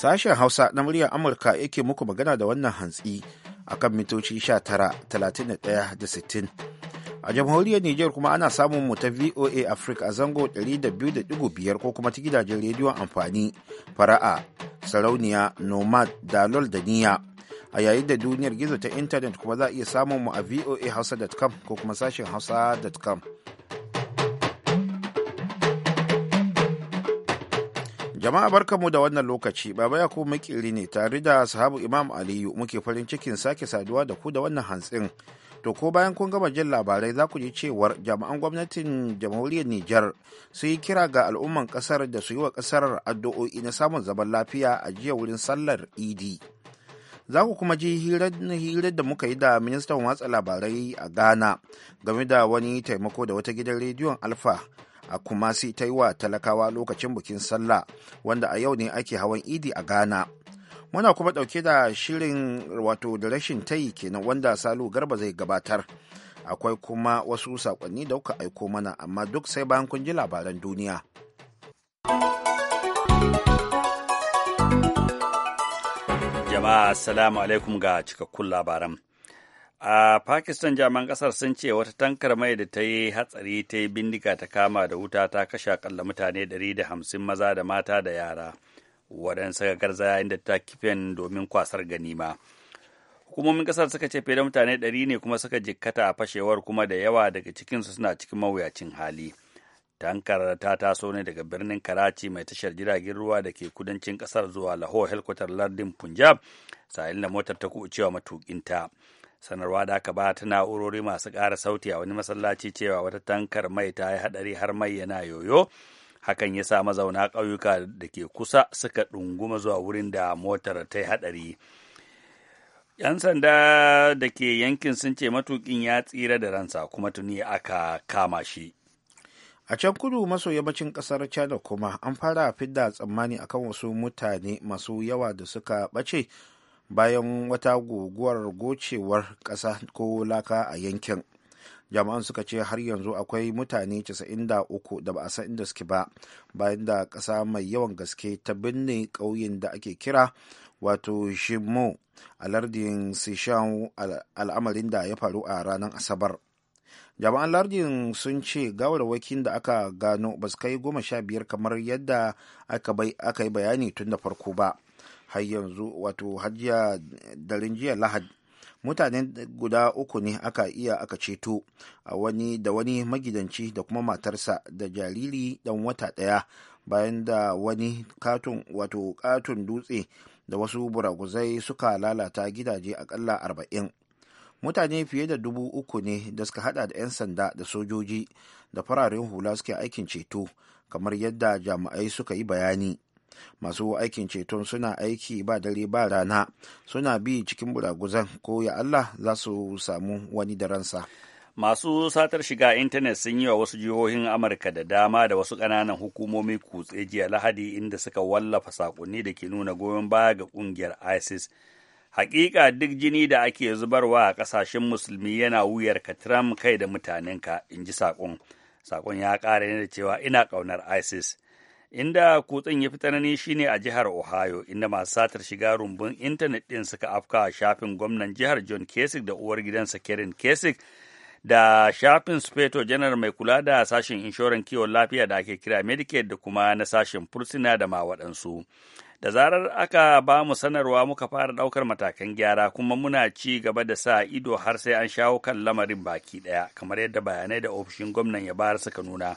Sashen Hausa na muryar Amurka yake muku magana da wannan hantsi akan mitoci 19, 31 da 60. a jamhuriyar Nijar kuma ana samun mu ta VOA Africa a zango 200.5 ko kuma ta gidajen rediyon amfani fara'a sarauniya nomad dalol da niya a yayin da duniyar gizo ta intanet kuma za a iya samun mu a voahausa.com ko kuma sashen hausa.com jama'a barka mu da wannan lokaci baba ya ko makiri ne tare da sahabu imam aliyu muke farin cikin sake saduwa da ku da wannan hantsin to ko bayan kun gama jin labarai za ku ji cewar jami'an gwamnatin jamhuriyar Nijar sun yi kira ga al'umman kasar da su yi wa kasar addu'o'i na samun zaman lafiya a jiya wurin sallar idi. za ku kuma ji hirar da muka yi da ministan watsa labarai a ghana game da wani taimako da wata gidan rediyon alfa a kumasi ta yi wa talakawa lokacin bikin sallah wanda a yau ne ake hawan idi a ghana muna kuma ɗauke da shirin wato da rashin tayi kenan wanda salu garba zai gabatar akwai kuma wasu sakonni da kuka aiko mana amma duk sai bayan kun ji labaran duniya. jama'a assalamu alaikum ga cikakkun labaran a pakistan jaman kasar sun ce wata tankar mai da ta yi hatsari ta yi bindiga ta kama da wuta ta kashe akalla mutane da 150 maza da mata da yara waɗansu ga yayin da ta kifen domin kwasar ganima hukumomin kasar suka ce fiye da mutane 100 ne kuma suka jikkata a fashewar kuma da yawa daga cikinsu suna cikin mawuyacin hali tankar ta taso ne daga birnin karachi mai tashar jiragen ruwa da ke kudancin kasar zuwa lahore helkwatar lardin punjab sa'ilin da motar ta kucewa matukinta sanarwa da aka ba ta na'urori masu ƙara sauti a wani masallaci cewa wata tankar mai ta yi hadari har mai yana yoyo hakan ya sa mazauna ƙauyuka da ke kusa suka ɗunguma zuwa wurin da motar ta yi hadari 'yan sanda da ke yankin sun ce matukin ya tsira da ransa kuma tuni aka kama shi a can kudu maso yammacin kasar da kuma an fara fidda tsammani akan wasu mutane masu yawa da suka bace bayan wata guguwar gocewar kasa ko laka a yankin jami'an suka ce har yanzu akwai mutane 93 da ba a san inda suke ba bayan da kasa mai yawan gaske ta binne ƙauyen da ake kira wato shimo a lardin sishan al'amarin da ya faru a ranar asabar jama'an lardin sun ce gawarwakin da aka gano ba su kai goma sha biyar kamar yadda aka yi bayani tun da farko ba har yanzu wato hajiya darin jiya lahad mutane guda uku ne aka iya aka ceto a wani da wani magidanci da kuma matarsa da jariri dan wata daya bayan da wani katon wato katon dutse da wasu buraguzai suka lalata gidaje akalla arba'in mutane fiye da dubu uku ne da suka hada da 'yan sanda da sojoji da fararen hula suke aikin ceto kamar yadda jami'ai suka yi bayani masu aikin ceton suna aiki ba dare ba rana suna bi cikin buraguzan ko ya allah za su samu wani da ransa masu satar shiga intanet sun yi wa wasu jihohin amurka da dama da wasu ƙananan hukumomi kutse jiya lahadi inda suka wallafa saƙonni da ke nuna goyon baya ga ƙungiyar isis Hakika duk jini da ake zubarwa a ƙasashen musulmi yana wuyar ka kai da mutanenka, in ji saƙon. Saƙon ya ƙara ne da cewa ina ƙaunar ISIS. Inda kutsen ya fi tsanani shine a jihar Ohio, inda masu satar shiga rumbun intanet ɗin suka afka shafin gwamnan jihar John kesik da uwar gidansa Karen kesik da shafin speto janar mai kula da sashen inshoran kiwon lafiya da ake kira medicaid da kuma na sashen fursuna da ma waɗansu da zarar aka ba mu sanarwa muka fara ɗaukar matakan gyara kuma muna ci gaba da sa ido har sai an shawo kan lamarin baki ɗaya kamar yadda bayanai da ofishin gwamnan ya bayar suka nuna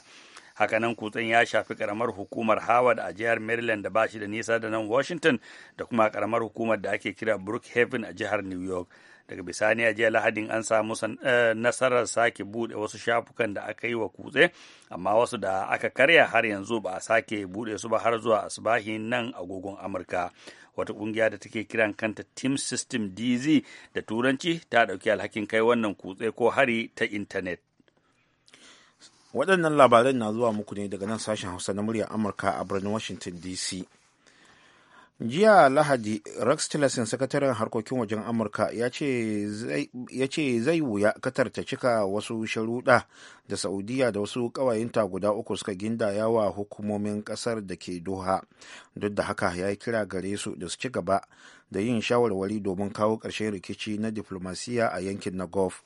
hakanan kutsen ya shafi karamar hukumar howard a jihar maryland da ba shi da nisa da nan washington da kuma karamar hukumar da ake kira brookhaven a jihar new york daga bisani jiya lahadin an samu eh, nasarar sake bude wasu shafukan da aka yi wa kutse amma wasu da aka karya har yanzu ba a sake bude su ba har zuwa asibahin nan agogon amurka wata kungiya da take kiran kanta team system dz da turanci ta dauki alhakin kai wannan kutse ko hari ta intanet waɗannan labaran na zuwa muku ne daga nan sashen hausa na murya amurka a birnin washington dc jiya lahadi rex tillerson sakataren harkokin wajen amurka ya ce zai wuya katar ta cika wasu sharuɗa da saudiya da wasu ƙawayenta guda uku suka gindaya wa hukumomin ƙasar da ke doha duk da haka ya yi kira gare su da su ci gaba da yin shawarwari domin kawo ƙarshen rikici na diflomasiya a yankin na gulf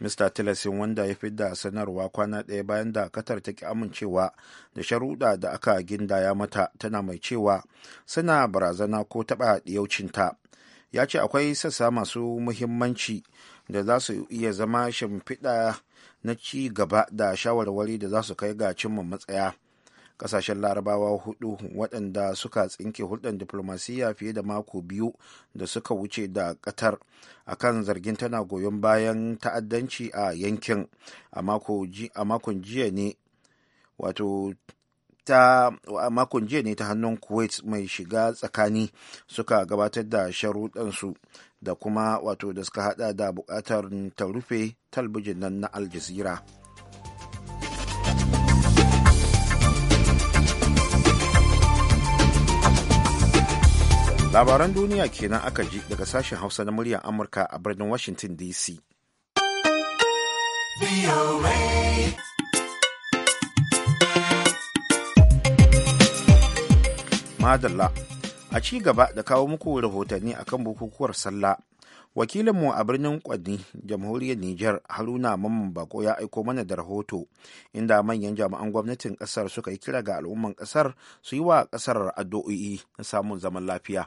Mr. Tillerson wanda ya fidda sanarwa kwana ɗaya bayan da katar ta ki amincewa da sharuɗa da aka gindaya mata tana mai cewa suna barazana ko taɓa ɗiyaucinta. Ya ce akwai sassa masu muhimmanci da za su iya zama shimfiɗa na ci gaba da shawarwari da za su kai ga cimma matsaya. kasashen larabawa hudu waɗanda suka tsinke hulɗar diplomasiyya fiye da mako biyu da suka wuce da qatar akan zargin tana goyon bayan ta'addanci a yankin a makon jiya ne wato ta makon jiya ne ta hannun kuwait mai shiga tsakani suka gabatar da sharuɗansu da kuma wato da suka hada da buƙatar ta rufe talbijin nan na aljazeera labaran duniya kenan aka ji daga sashen hausa na muryar amurka a birnin washington dc madalla a ci gaba da kawo muku rahotanni akan bukukuwar sallah wakilinmu a birnin kwanni jamhuriyar niger haruna mamman bako ya aiko mana da rahoto inda manyan jami'an gwamnatin kasar suka yi kira ga al'umman kasar su yi wa kasar addu'o'i na samun zaman lafiya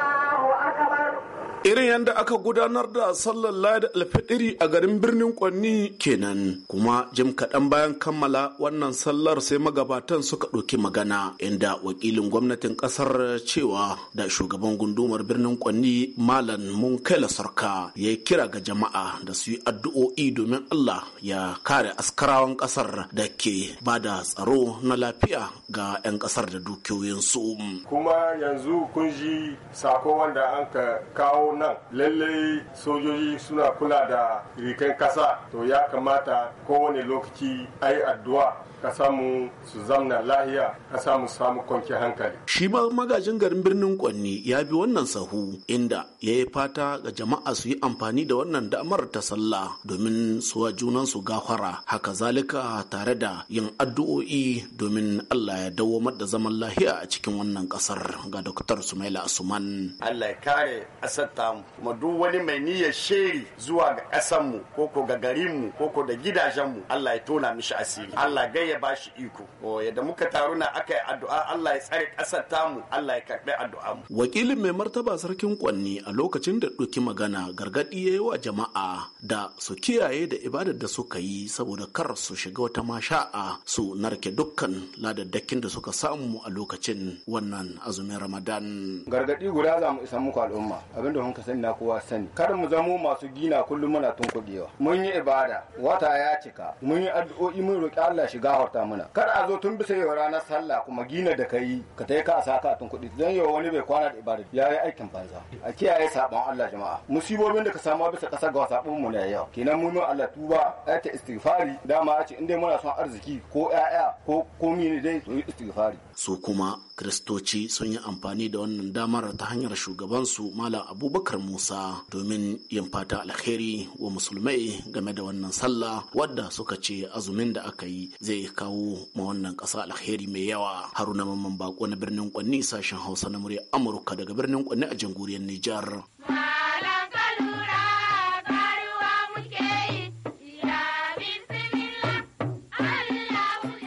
irin yadda aka gudanar da sallar lada alfadiri a garin birnin kwanni kenan kuma jim kaɗan bayan kammala wannan sallar sai magabatan suka ɗauki magana inda wakilin gwamnatin ƙasar cewa da shugaban gundumar birnin kwanni malam munkaila sarka ya kira ga jama'a da su yi addu'o'i domin allah ya kare askarawan ƙasar da ke ba da tsaro na lafiya ga 'yan ƙasar da dukiyoyinsu kuma yanzu kun ji sako wanda an ka kawo nan lallai sojoji suna kula da rikan kasa to ya kamata kowane lokaci a yi addu'a ka samu su zamna lahiya ka samu samu kwanke hankali. Shi ma magajin garin birnin Kwanni ya bi wannan sahu inda ya yi fata ga jama'a su yi amfani da wannan damar ta sallah domin suwa junan su gafara haka zalika tare da yin addu'o'i domin Allah ya dawwamar da zaman lahiya a cikin wannan kasar ga Dr. Sumaila Asuman. Allah ya kare asar mu kuma duk wani mai niyyar sheri zuwa ga mu ko ko ga garinmu ko ko da gidajenmu Allah ya tona mishi asiri Allah gai ya bashi iko o yadda muka taru na aka yi addu'a Allah ya tsare ƙasar mu Allah ya karɓi addu'a mu wakilin mai martaba sarkin kwanni a lokacin da duki magana gargaɗi ya yi wa jama'a da su kiyaye da ibadar da suka yi saboda kar su shiga wata masha'a su narke dukkan ladaddakin da suka samu a lokacin wannan azumin ramadan gargaɗi guda za mu isa muku al'umma abinda an ka sani na kowa sani kar mu zamo masu gina kullum muna tunkuɗewa mun yi ibada wata ya cika mun yi addu'o'i mun roƙi Allah shi gafarta muna kar a zo tun bisa yau ranar sallah kuma gina da kai ka tai ka sa ka tunkuɗi dan yau wani bai kwana da ibada ya yi aikin banza a kiyaye sabon Allah jama'a musibobin da ka samu bisa ƙasa ga sabon mu ne yau kenan mun yi Allah tuba ayata istighfari dama a ce in muna son arziki ko ƴaƴa ko komi ne dai su yi istighfari su kuma Kiristoci sun yi amfani da wannan damar ta hanyar shugabansu Malam Abubakar Musa domin yin fata alheri wa musulmai game da wannan sallah wadda suka ce azumin da aka yi zai kawo ma wannan ƙasa alheri mai yawa. Haruna Mamman Bako na birnin Kwanni sashen Hausa na murya Amurka daga birnin Kwanni a jamhuriyar Nijar.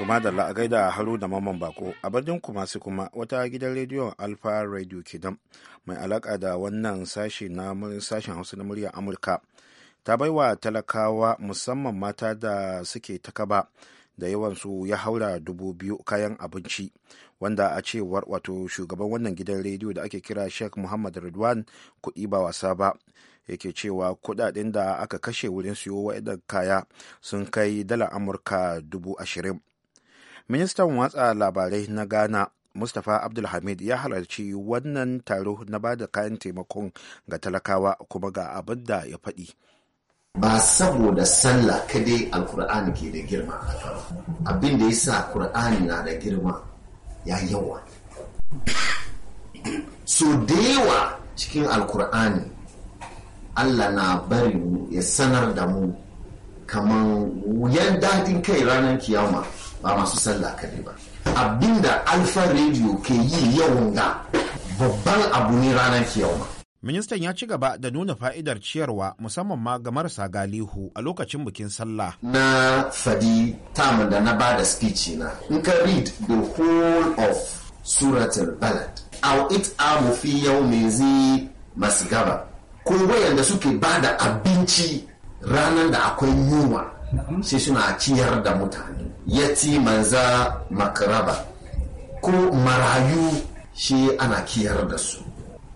kuma da la'agaida haru da maman bako a birnin masu kuma wata gidan rediyon alfa radio kidan mai alaka da wannan sashi na sashen hausa na muryar amurka ta baiwa talakawa musamman mata da suke takaba da yawansu ya haura dubu biyu kayan abinci wanda a cewar wato shugaban wannan gidan rediyo da ake kira sheikh muhammad ridwan kuɗi ba wasa ba yake cewa kuɗaɗen da aka kashe wurin siyo waɗanda kaya sun kai dala amurka dubu ashirin ministan watsa labarai na ghana mustapha abdulhamid ya halarci wannan taro na ba da kayan taimakon ga talakawa kuma ga abin da ya faɗi ba saboda sallah kadai alkur'ani ke da girma abin da ya sa kur'ani na da girma ya yawa so da yawa cikin alkur'ani allah na bari mu ya sanar da mu kamar wuyan daɗin kai ranar kiyama ba masu sallah kare ba abinda alfa radio ke yi yau ga babban abu ne ranar kiyama ministan ya ci gaba da nuna fa'idar ciyarwa musamman ma ga marasa galihu a lokacin bikin sallah na fadi tamun da na ba da speech na in ka read the whole of suratul balad aw it amu fi Mezi masu gaba. ko wayanda suke ba da abinci ranar da akwai yunwa sai suna ciyar da mutane yati manza makaraba ko marayu shi ana kiyar da su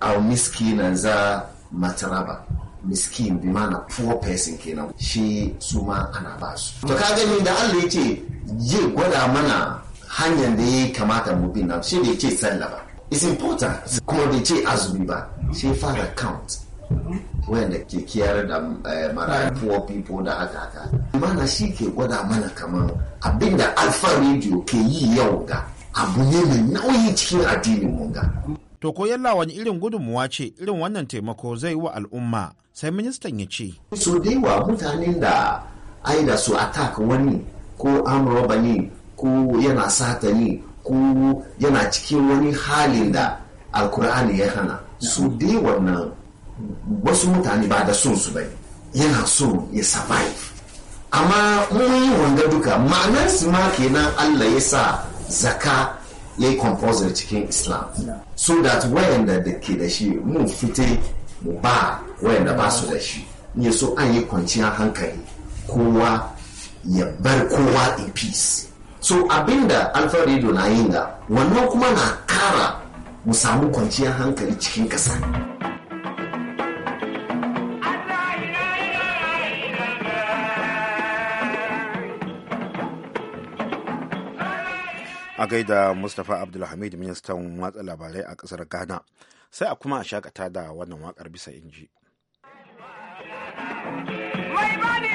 a miskinan za mataraba miskin bi mana poor person kenan shi su ma ana ba su to ka gani da Allah yace ce je gwada mana hanyar da ya kamata mu bi nan shi da ce sallah ba it's important kuma da ya ce azumi ba sai fara count wayanda ke kiyar da eh, mara poor people da haka haka mana shi ke gwada mana kamar abinda alfa radio ke yi yau ga abu ne mai nauyi cikin addinin mu ga to ko wani irin gudunmuwa ce irin wannan taimako zai wa al'umma sai ministan ya ce so da yawa mutanen da aida su attack wani ko amurba ne ko yana sata ne ko yana cikin wani halin da alkur'ani ya hana su dai wannan wasu mutane ba da son su bai yana so ya survive amma mun yi wanga duka ma'anar su ma kenan Allah ya sa zaka ya yi compulsory cikin islam so that wayanda da ke da shi mun fite mu ba wayanda ba su da shi ne so an yi kwanciyar hankali kowa ya bar kowa in peace so abinda alfarido na yin da wannan kuma na kara mu samu kwanciyar hankali cikin ƙasa. a gaida mustapha abdulhamid ministan watsa labarai a kasar ghana sai a kuma a shakata da wannan wakar bisa inji mai bani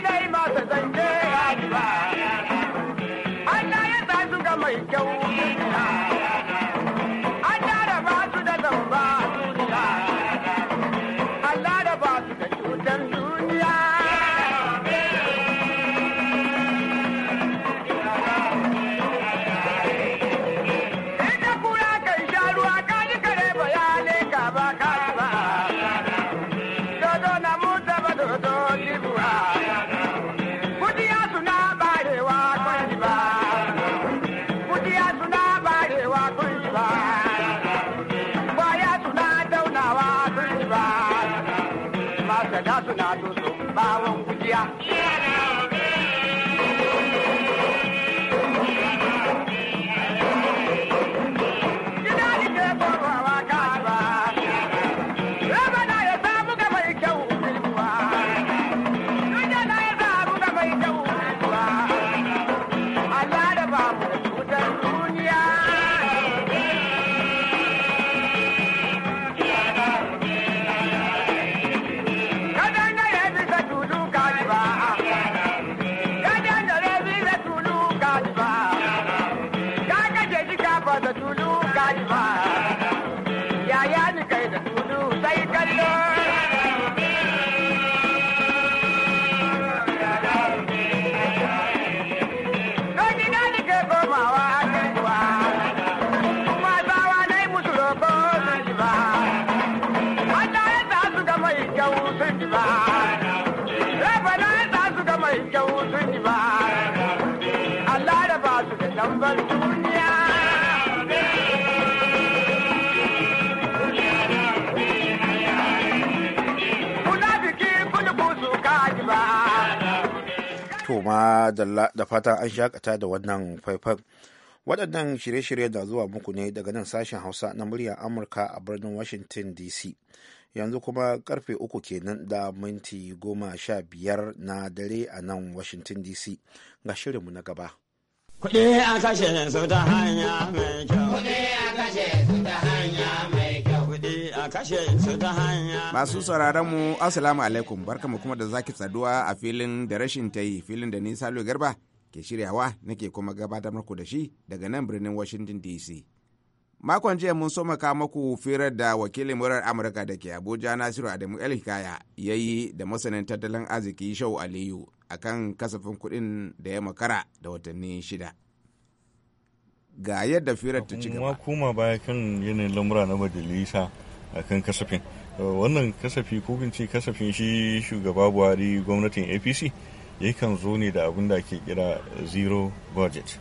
da suna dusun bawon gujiya. dalla da fatan an shakata da wannan faifan waɗannan shirye-shirye da zuwa muku ne daga nan sashen hausa na muryar amurka a birnin washington dc yanzu kuma karfe uku kenan da minti goma sha biyar na dare a nan washington dc ga shirinmu na gaba kuɗi a kashe su ta hanya mai kyau kuɗi a kashe su ta hanya mai kyau Masu sauraron mu Assalamu alaikum barkamu kuma da zaki saduwa a filin da rashin ta yi filin da nisa lo Garba ke shiryawa nake kuma gabatar muku da shi daga nan birnin Washington DC. Makon jiya mun so maka maku firar da wakilin murar Amurka da ke Abuja Nasiru Adamu El Hikaya ya yi da masanin tattalin arziki Shau Aliyu a kan kasafin kuɗin da ya makara da watanni shida. ga yadda firar ta ci gaba. kuma baya kan yanayin lamura na majalisa akan kasafin wannan kasafi ko ce kasafin shi shugaba buhari gwamnatin apc yakan zo ne da abin da ke kira zero budget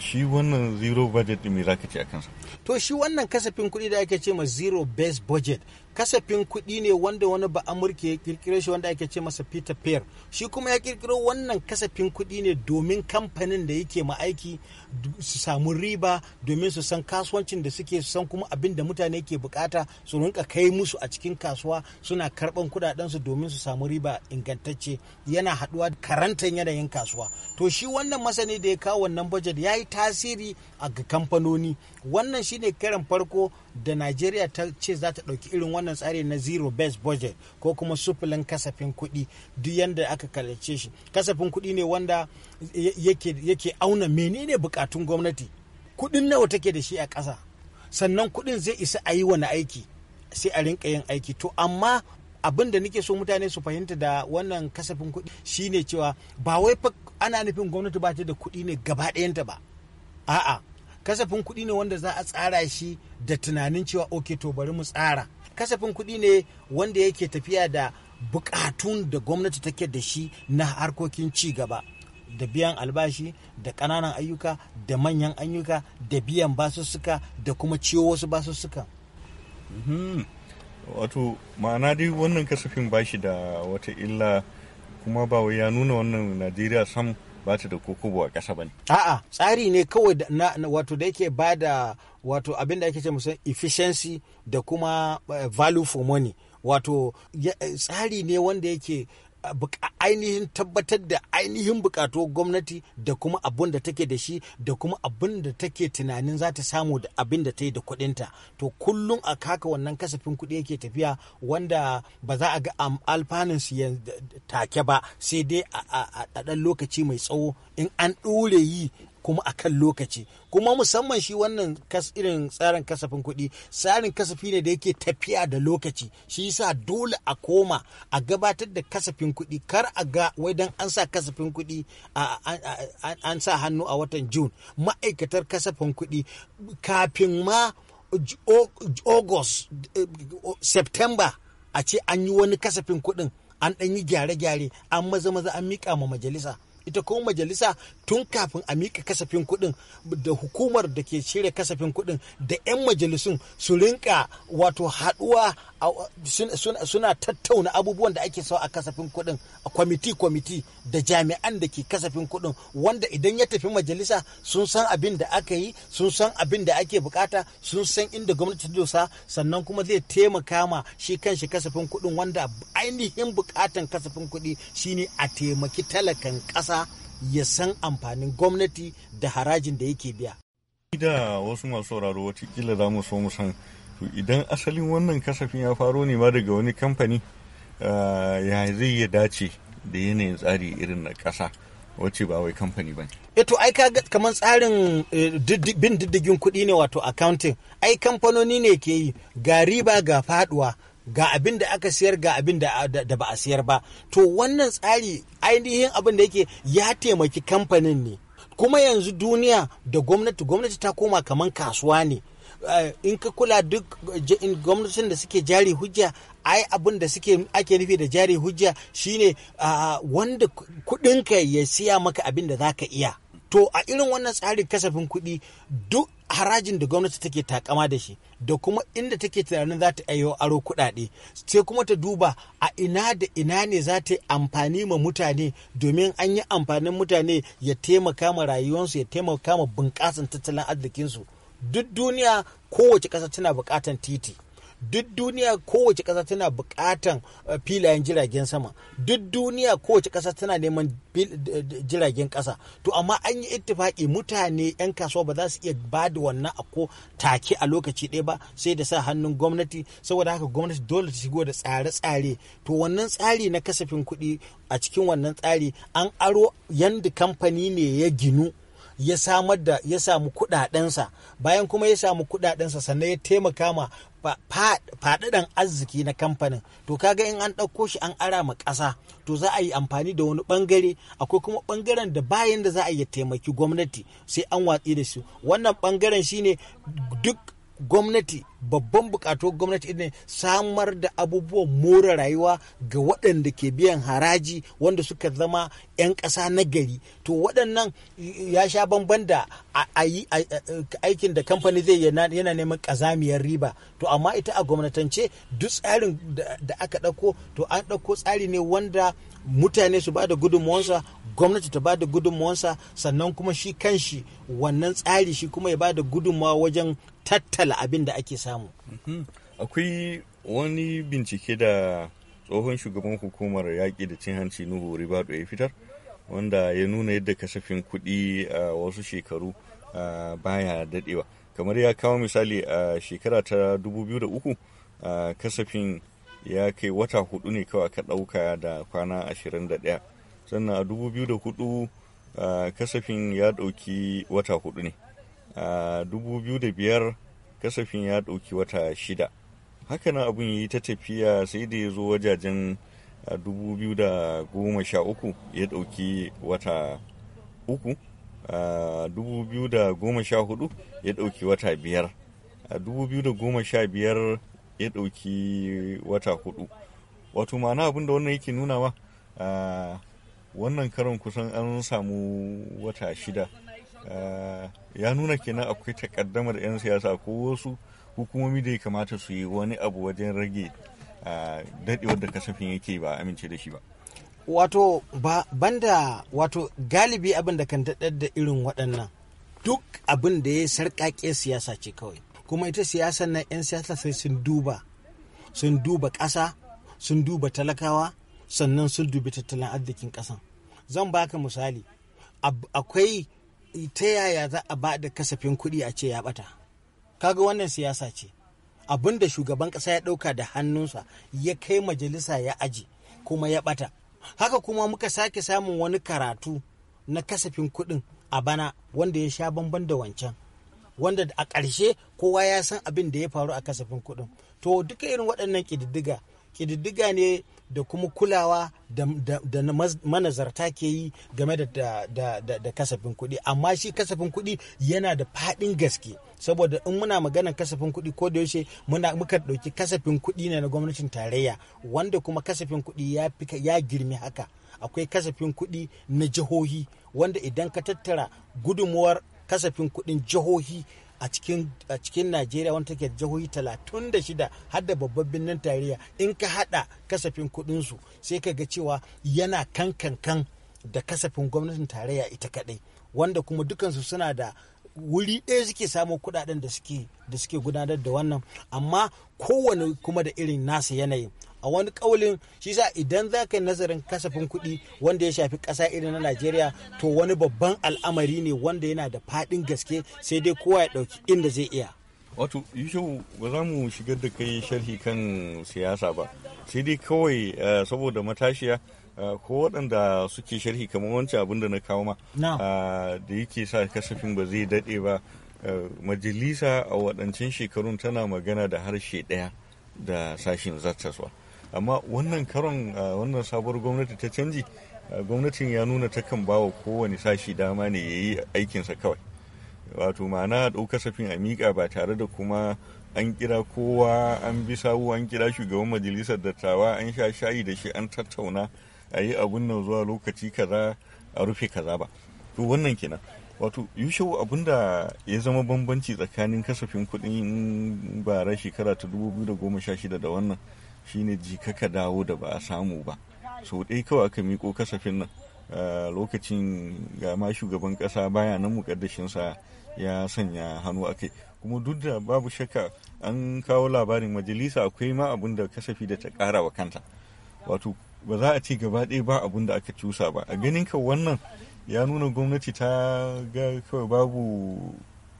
shi wannan zero budget me za ka ce a kansa to shi wannan kasafin kuɗi da ake ce ma zero based budget kasafin kuɗi ne wanda wani ba amurka ya kirkiro shi wanda ake ce masa peter pair shi kuma ya kirkiro wannan kasafin kuɗi ne domin kamfanin da yake aiki su samu riba domin su san kasuwancin da suke su san kuma abin da mutane ke bukata su rinka kai musu a cikin kasuwa suna karban kuɗaɗen su domin su samu riba ingantacce yana haɗuwa da karantan yanayin kasuwa to shi wannan masani da ya kawo wannan budget ya yi tasiri a ga kamfanoni wannan shine karin farko da najeriya ta ce za ta ɗauki irin wannan tsari na zero based budget ko kuma sufulin kasafin kuɗi duk yadda aka kalace shi kasafin kuɗi ne wanda yake auna menene bukatun gwamnati kuɗin nawa take da shi a ƙasa sannan kuɗin zai isa a yi wani aiki sai a rinka yin aiki to amma abin da nake so mutane su fahimta da wannan kasafin kuɗi shine cewa ba wai fa ana nufin gwamnati ba ta da kuɗi ne gaba ɗayanta ba a'a kasafin kuɗi ne wanda za a tsara shi da tunanin cewa oke to bari mu tsara kasafin kuɗi ne wanda yake tafiya da buƙatun da gwamnati take da shi na harkokin ci gaba da biyan albashi da ƙananan ayyuka da manyan ayyuka da biyan basussuka da kuma ciwo wasu basussuka mhm. wato ma'ana dai wannan kasafin bashi da wata illa kuma ba ya nuna wannan najeriya sam ba ta da kokobo a ƙasa ba ne. A'a tsari ne kawai na, na wato da yake ba da wato abin da ake ce musan efficiency da kuma uh, value for money. Wato eh, tsari ne wanda yake ainihin tabbatar da ainihin bukatu gwamnati da kuma abin da take da shi da kuma abin da take tunanin za ta samu da abin da ta yi da kudinta to kullum a kaka wannan kasafin kudi yake tafiya wanda ba za a ga alfanun su take ba sai dai a ɗan lokaci mai tsawo in an ɗure yi kuma a kan lokaci kuma musamman shi wannan irin tsarin kasafin kuɗi tsarin kasafi ne da yake tafiya da lokaci shi yasa dole a koma a gabatar da kasafin kuɗi kar a ga wai dan an sa kasafin kuɗi an sa hannu a watan june ma'aikatar kasafin kuɗi kafin ma august eh, september a ce an yi wani kasafin kuɗin an ɗan yi gyare-gyare an maza-maza an miƙa ma majalisa ita kuma majalisa tun kafin a mika kasafin kuɗin da hukumar da ke cire kasafin kuɗin da 'yan majalisun su rinka wato haɗuwa suna tattauna abubuwan da ake sawa a kasafin kuɗin a kwamiti kwamiti da jami'an da ke kasafin kuɗin wanda idan ya tafi majalisa sun san abin da aka yi sun san abin da ake bukata sun san inda gwamnati ta dosa sannan kuma zai taimaka ma shi kanshi kasafin kuɗin wanda ainihin bukatan kasafin kuɗi shine a taimaki talakan ƙasa ya san amfanin gwamnati da harajin da yake biya. Da wasu masu sauraro watakila za mu so mu san to idan asalin wannan kasafin ya faro ne ma daga wani kamfani eh, ya zai ya dace da yanayin tsari irin na ƙasa wacce ba wai kamfani ba ne. Eh, to ai kaga kamar tsarin eh, bin diddigin kuɗi ne wato accounting ai kamfanoni ne ke yi ga riba ga faduwa ga abin da aka siyar ga abin da, ba a siyar ba to wannan tsari ainihin abin da yake ya taimaki kamfanin ne kuma yanzu duniya da gwamnati gwamnati ta koma kamar kasuwa ne Eh, in ka kula duk gwamnatin da suke jari hujja ai abin da suke ake nufi da jari hujja shine wanda kudinka ya siya maka abin da zaka iya to a irin wannan tsarin kasafin kuɗi duk harajin da gwamnati take takama da shi da kuma inda take tunanin za ta ayo aro kuɗaɗe sai kuma ta duba a ina da ina ne za ta amfani ma mutane domin an yi amfanin mutane ya taimaka ma rayuwarsu ya taimaka ma bunƙasan tattalin arzikinsu duk duniya kowace ƙasa tana buƙatan titi duk duniya kowace ƙasa tana buƙatan uh, filayen jiragen sama duk duniya kowace ƙasa tana neman jiragen ƙasa to amma an yi ittifaki mutane 'yan kasuwa ba za su iya ba da wannan ako take a lokaci ɗaya ba sai da sa hannun gwamnati saboda haka gwamnati dole ta shigo da tsare-tsare to wannan tsari na kasafin kuɗi a cikin wannan tsari an aro yadda kamfani ne ya ginu ya samar da ya samu kudadensa bayan kuma ya samu kudadensa sannan ya taimaka ma faɗaɗan arziki na kamfanin to kaga in an ɗauko shi an ara ma ƙasa to za a yi amfani da wani ɓangare akwai kuma ɓangaren da bayan da za a yi taimaki gwamnati sai an watsi da su wannan ɓangaren shine duk gwamnati babban bukatu gwamnati ne samar da abubuwan more rayuwa ga waɗanda ke biyan haraji wanda suka zama 'yan ƙasa na gari to waɗannan ya sha bamban da aikin da kamfani zai yana neman ƙazamiyar riba to amma ita a gwamnatance duk tsarin da aka ɗauko to an ɗauko tsari ne wanda mutane su ba da gudunmuwansa gwamnati ta ba da gudunmuwansa sannan kuma shi kanshi wannan tsari shi kuma ya ba da gudunmuwa wajen tattala abin da ake samu samu mhm. akwai wani bincike da tsohon shugaban hukumar yaƙi da cin hanci nuhu ribado ya fitar wanda ya nuna yadda kasafin kuɗi a wasu shekaru baya daɗewa kamar ya kawo misali a shekara ta 2003 kasafin ya kai wata hudu ne kawai ka ɗauka da kwana 21 sannan a 2004 kasafin ya ɗauki wata hudu ne a 2005 kasafin ya ɗauki wata shida hakanan abin yi ta tafiya sai da ya zo wajajen 2013 ya ɗauki wata uku a 2014 ya ɗauki wata biyar a 2015 ya ɗauki wata hudu wato ma'ana abin da wannan yake nunawa a wannan karon kusan an samu wata shida ya nuna kenan akwai takaddamar 'yan siyasa ko wasu hukumomi da ya kamata su yi wani abu wajen rage dadewar da kasafin yake ba amince da shi ba wato ba banda wato galibi abin da kan daɗar da irin waɗannan duk abin da ya sarƙaƙe siyasa ce kawai kuma ita siyasar na 'yan siyasa sai sun duba sun duba ƙasa sun duba talakawa sannan sun dubi tattalin arzikin ƙasan zan baka misali akwai ta yaya za a ba da kasafin kuɗi a ce ya ɓata kaga wannan siyasa ce abin da shugaban ƙasa ya ɗauka da hannunsa ya kai majalisa ya aji kuma ya ɓata haka kuma muka sake samun wani karatu na kasafin kuɗin a bana wanda ya sha bamban da wancan wanda a ƙarshe kowa ya san abin da ya faru a kasafin kuɗin to duka irin waɗannan ƙididdiga kididdiga ne da kuma kulawa da manazarta ke yi game da kasafin kuɗi amma shi kasafin kuɗi yana da faɗin gaske saboda in muna maganar kasafin kuɗi ko da yaushe muna muka ɗauki kasafin kuɗi ne na gwamnatin tarayya wanda kuma kasafin kuɗi ya girmi haka akwai kasafin kuɗi na jihohi wanda idan ka tattara gudunmuwar kasafin kuɗin jihohi a cikin najeriya wanda take jihohi talatin da shida har da babban birnin tarayya in ka hada kasafin kuɗinsu sai ka ga cewa yana kan kan da kasafin gwamnatin tarayya ita kadai wanda kuma dukansu suna da wuri ɗaya suke samun kuɗaɗen da suke da suke gudanar da wannan amma kowane kuma da irin nasa yanayin a wani kaulin shi sa idan za ka yi nazarin kasafin kuɗi wanda ya shafi ƙasa irin na najeriya to wani babban al'amari ne wanda yana da faɗin gaske sai dai kowa ya ɗauki inda zai iya wato yusuf ba za mu shigar da kai sharhi kan siyasa ba sai dai kawai eh, saboda matashiya Eh, ko waɗanda suke sharhi kamar wancan abin da na kawo ma eh, da yake sa kasafin ba zai daɗe ba eh, majalisa a waɗancan shekarun tana magana da harshe ɗaya da sashin zartaswa amma wannan karon wannan sabuwar gwamnati ta canji gwamnatin ya nuna takan kan bawa kowane sashi dama ne ya yi aikinsa kawai wato ma'ana ɗau kasafin a miƙa ba tare da kuma an kira kowa an bi sawu an kira shugaban majalisar dattawa an sha shayi da shi an tattauna a yi abun nan zuwa lokaci kaza a rufe kaza ba to wannan kenan wato abun da ya zama bambanci tsakanin kasafin kuɗin bara shekara ta 2016 da wannan shine jikaka dawo da ba a samu ba sau ɗaya kawai aka miko kasafin nan lokacin ga ma shugaban ƙasa baya nan mukaddashinsa ya sanya hannu a kai kuma duk da babu shakka an kawo labarin majalisa akwai ma abun da kasafi da ta ƙara wa kanta wato ba za a ce gaba ɗaya ba abun da aka cusa ba a ganin ka wannan ya nuna gwamnati ta ga kawai babu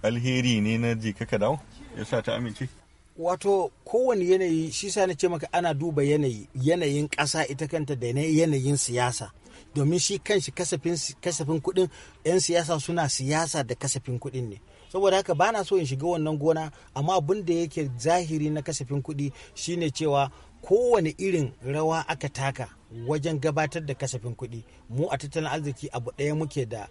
alheri ne na je ka dawo ya sa ta amince wato kowane yanayi shi sa na ce maka ana duba yanayi yanayin ƙasa ita kanta da yanayin siyasa domin shi kanshi kasafin kasafin kuɗin 'yan siyasa suna siyasa da kasafin kuɗin ne saboda haka ba na so in shiga wannan gona amma abin da yake zahiri na kasafin kuɗi shine cewa kowane irin rawa aka taka wajen gabatar da kasafin kuɗi mu a tattalin arziki abu ɗaya muke da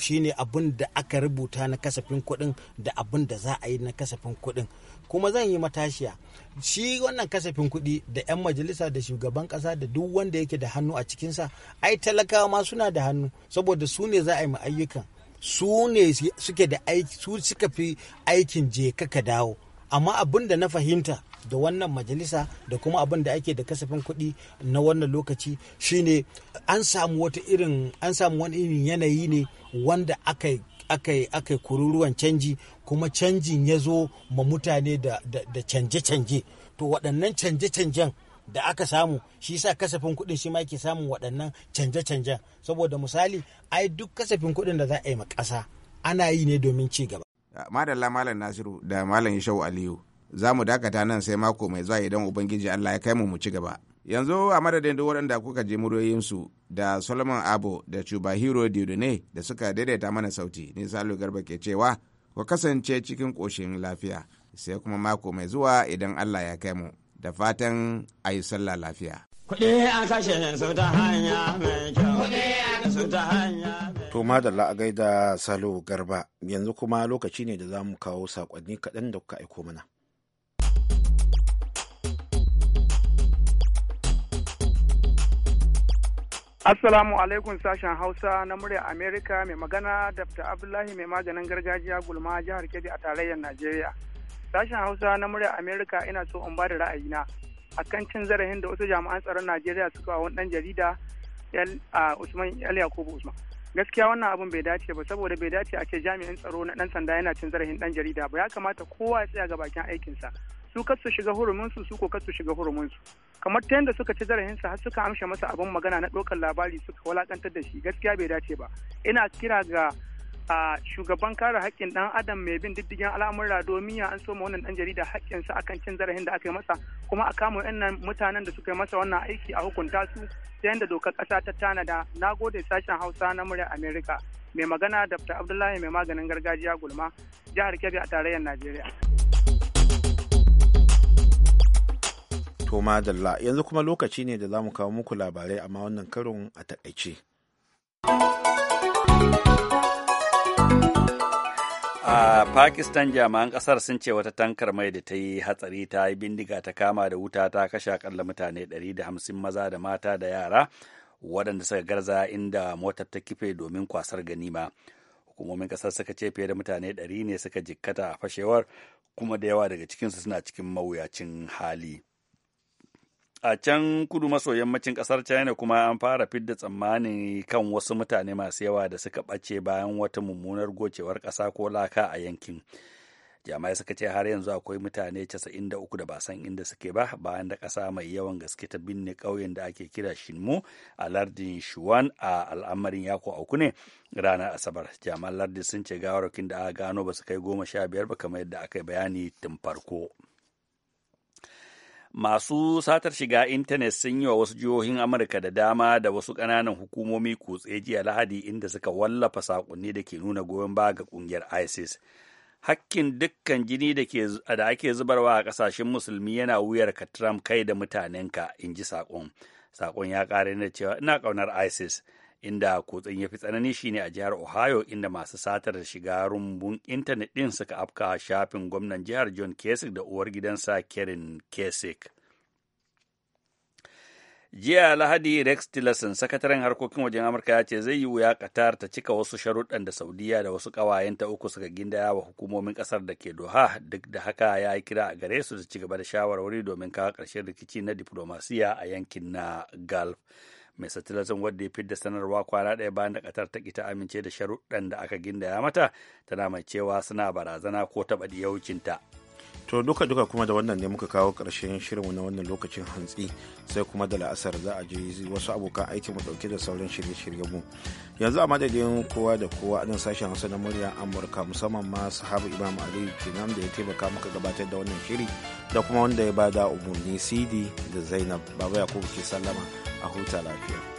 shi ne abin da aka rubuta na kasafin kuɗin da abin da za a yi na kasafin kuɗin kuma zan yi matashiya shi wannan kasafin kuɗi da 'yan majalisa da shugaban ƙasa da duk wanda yake da hannu a cikinsa ai talakawa ma suna da hannu saboda su ne za a yi ayyukan su ne suke da aiki su suka fi aikin je ka dawo amma abin da na fahimta da wannan majalisa da kuma abin da ake da kasafin kuɗi na wannan lokaci shine an samu wata irin an samu wani irin yanayi ne wanda aka aka kururuwan canji kuma canjin ya zo ma mutane da, canje-canje to waɗannan canje-canjen da aka samu shi sa kasafin kuɗin shi ma yake samun waɗannan canje-canjen saboda misali ai duk kasafin kuɗin da za a yi ma ƙasa ana yi ne domin ci gaba. madalla malam nasiru da malam yashau aliyu za mu dakata nan sai mako mai zuwa idan ubangiji allah ya kai mu mu ci gaba yanzu a madadin duk waɗanda kuka je muryoyinsu da solomon abo da hero diodone da suka daidaita mana sauti ni salu garba ke cewa ku kasance cikin koshin lafiya sai kuma mako mai zuwa idan allah ya kai mu da fatan a yi sallah lafiya kuɗi an kashe su ta hanya mai kyau to madalla a gaida salo garba yanzu kuma lokaci ne da za mu kawo saƙonni kaɗan da kuka aiko mana Assalamu alaikum sashen Hausa na murya Amerika mai magana Dr. Abdullahi mai maganin gargajiya gulma jihar Kebbi a tarayyar Najeriya. Sashen Hausa na murya Amerika ina so in ba da ra'ayina a kan cin zarafin da wasu jami'an tsaron Najeriya suka wa ɗan jarida Usman El Yakubu Usman. Gaskiya wannan abin bai dace ba saboda bai dace a ce jami'in tsaro na ɗan sanda yana cin zarafin ɗan jarida ba ya kamata kowa ya tsaya ga bakin aikinsa. su kasu shiga huruminsu su ko kasu shiga huruminsu kamar ta yadda suka ci zarafinsa har suka amsha masa abin magana na ɗaukar labari suka walakantar da shi gaskiya bai dace ba ina kira ga a shugaban kare haƙƙin ɗan adam mai bin diddigin al'amura domin ya an so ma wannan ɗan jarida haƙƙinsa akan cin zarafin da aka yi masa kuma a kama wannan mutanen da suka yi masa wannan aiki a hukunta su ta yadda dokar ƙasa ta tanada na gode sashen hausa na murya amerika mai magana dr abdullahi mai maganin gargajiya gulma jihar kebbi a tarayyar najeriya. To madalla yanzu kuma lokaci ne da za mu kawo muku labarai amma wannan karon a takaice. A Pakistan jami'an ƙasar sun ce wata tankar mai da ta yi hatsari ta yi bindiga ta kama da wuta ta kashe akalla mutane 150 maza da mata da yara waɗanda suka garza inda motar ta kife domin kwasar ganima. Hukumomin ƙasar suka ce fiye da mutane 100 ne suka jikkata a fashewar kuma da yawa daga cikinsu suna cikin mawuyacin hali. a can kudu maso yammacin kasar china kuma an fara fidda tsammani kan wasu mutane masu yawa da suka ɓace bayan wata mummunar gocewar ƙasa ko laka a yankin jami'ai suka ce har yanzu akwai mutane 93 da ba san inda suke ba bayan da ƙasa mai yawan gaske ta binne ƙauyen da ake kira shinmu a lardin shuwan a al'amarin yako auku ne ranar asabar jami'an lardin sun ce gawarwakin da aka gano ba su kai goma sha biyar ba kamar yadda aka bayani tun farko masu satar shiga intanet sun yi wa wasu jihohin amurka da dama da wasu ƙananan hukumomi kutse jiya lahadi inda suka wallafa saƙonni da ke nuna goyon baya ga ƙungiyar isis hakkin dukkan jini da ake zubarwa a ƙasashen musulmi yana wuyar ka trump kai da mutanenka in ji saƙon saƙon ya ƙare na cewa ina ƙaunar isis inda kutsen ya fi tsanani shine a jihar ohio inda masu satar shiga rumbun intanet din suka afka shafin gwamnan jihar john kasich da uwar gidansa karen kasich jiya lahadi rex tillerson sakataren harkokin wajen amurka ya ce zai yi wuya qatar ta cika wasu sharuɗan da saudiya da wasu ƙawayenta uku suka gindaya wa hukumomin ƙasar da ke doha duk da haka ya yi kira a gare su da ci gaba da shawarwari domin kawo ƙarshen rikici na diplomasiya a yankin na gulf mai satilazan wadda ya fidda sanarwa kwana ɗaya bayan da ƙatar ta ƙi ta amince da sharuɗan da aka gindaya mata tana mai cewa suna barazana ko taɓa diyaucinta. to duka duka kuma da wannan ne muka kawo karshen shirinmu na wannan lokacin hantsi sai kuma da la'asar za a je wasu abokan aiki mu dauke da sauran shirye-shirye mu yanzu a madadin kowa da kowa nan sashen hausa na murya amurka musamman ma sahabu imam ali kenan da ya taimaka muka gabatar da wannan shiri da kuma wanda ya bada umarni sidi da zainab baba yakubu ke sallama a huta lafiya